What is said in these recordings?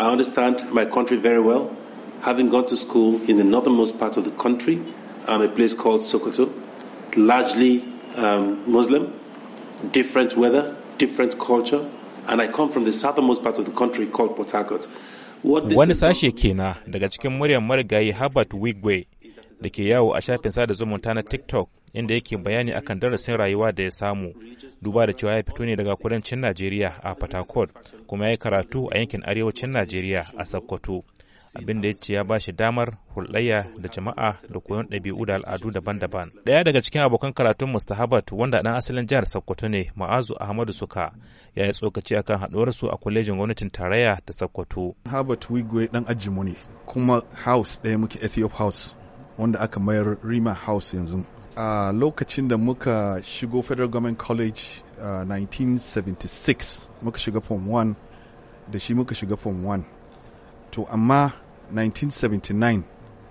I understand my country very well, having gone to school in the northernmost part of the country, um, a place called Sokoto, largely um, Muslim, different weather, different culture, and I come from the southernmost part of the country called Port Harcourt. Wani sashe kenan daga cikin muryar marigayi Herbert Wigwe da ke yawo a shafin sada zumunta na TikTok inda yake bayani akan darasin rayuwa da ya samu duba da cewa ya fito ne daga kudancin najeriya a fatakot kuma ya yi karatu a yankin arewacin najeriya a sokoto abin da ya ce ya ba shi damar hulɗayya da jama'a da koyon ɗabi'u da al'adu daban-daban. Ɗaya daga cikin abokan karatun Mustahabat wanda ɗan asalin jihar Sokoto ne Ma'azu Ahmadu Suka ya yi tsokaci akan haɗuwar su a kwalejin gwamnatin tarayya ta Sokoto. Habat Wigwe ɗan ajimu ne kuma house ɗaya muke Ethiop House wanda aka mayar Rima House yanzu a lokacin da muka shigo federal government college uh, 1976 muka shiga form 1 da shi muka shiga form 1 to amma 1979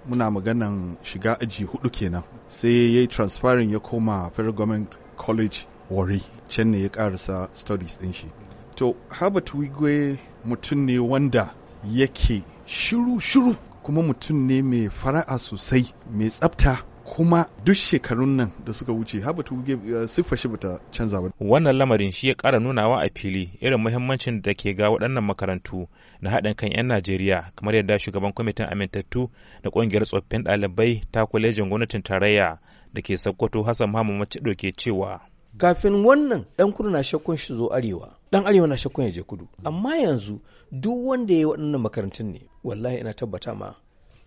muna maganan shiga aji hudu kenan sai ya yi transferring ya koma federal government college wari can ne ya karasa studies din shi to Herbert Wigwe mutum ne wanda yake shiru-shiru kuma mutum ne mai fara'a sosai mai tsabta kuma duk shekarun nan da suka wuce habatu eh, siffa shi bata canza ba wannan lamarin shi ya kara nunawa a fili irin muhimmancin da ke ga waɗannan makarantu na haɗin kan 'yan najeriya kamar yadda shugaban kwamitin amintattu da ƙungiyar tsoffin ɗalibai ta kwalejin gwamnatin tarayya da ke sakkwato hassan mahamman macido ke cewa kafin wannan ɗan kudu na shakkun shi zo arewa Ɗan arewa na shakkun ya je kudu amma yanzu duk wanda ya yi waɗannan makarantun ne wallahi ina tabbata ma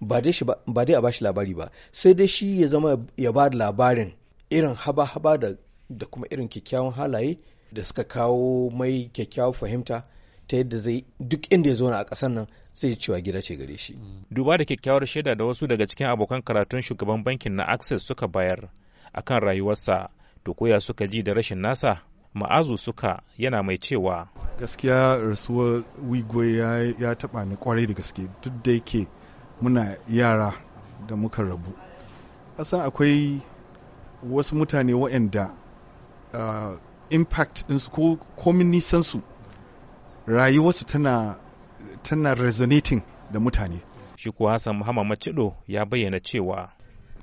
ba dai a shi labari ba sai dai shi ya zama ya ba da labarin irin haba-haba da kuma irin kyakkyawan halaye da suka kawo mai kyakkyawan fahimta ta yadda zai duk inda ya zauna a ƙasar nan zai cewa gida ce gare shi. Duba da kyakkyawar shaida da wasu daga cikin abokan karatun shugaban bankin na Access suka bayar akan rayuwarsa to koya suka ji da rashin nasa ma'azu suka yana mai cewa. Gaskiya rasuwar Wigwe ya taɓa ni kwarai da gaske duk da yake muna yara da muka rabu kasan akwai wasu mutane waɗanda uh, impact ɗinsu ko komin nisansu rayuwarsu tana tana resonating da mutane shi kuwa hassan muhammad macido ya bayyana cewa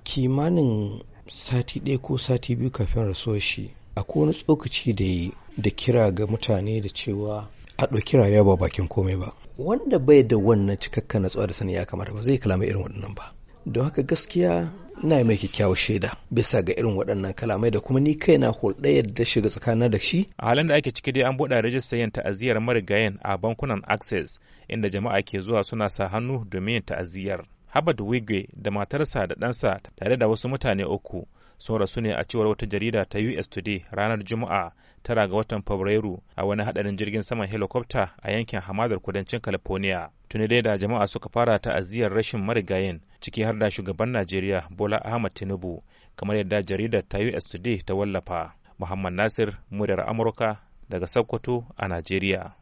kimanin sati ɗaya ko sati biyu kafin rasuwar shi akwai wani tsokaci da yi da kira ga mutane da cewa a ɗauki rayuwa ba bakin komai ba wanda bai da wannan cikakka natsuwa da sani ya kamata ba zai kalama irin waɗannan ba don haka gaskiya ina mai kyakkyawar shaida bisa ga irin waɗannan kalamai da kuma ni kai na hulɗa yadda shiga tsakanin da shi a halin da ake ciki dai an buɗe rajistar yin ta'aziyyar marigayen a bankunan access inda jama'a ke zuwa suna sa hannu domin yin ta'aziyyar Habad Wigwe da matarsa da ɗansa tare da wasu mutane uku sun rasu ne a cewar wata jarida ta US Today ranar Juma'a tara ga watan Fabrairu a wani hadarin jirgin saman helicopter a yankin hamadar kudancin California. Tuni dai da jama'a suka fara ta'aziyar rashin marigayin ciki har da shugaban Najeriya Bola Ahmed Tinubu kamar yadda jaridar ta US Today ta wallafa. Muhammad Nasir, muryar Amurka daga Sokoto a Najeriya.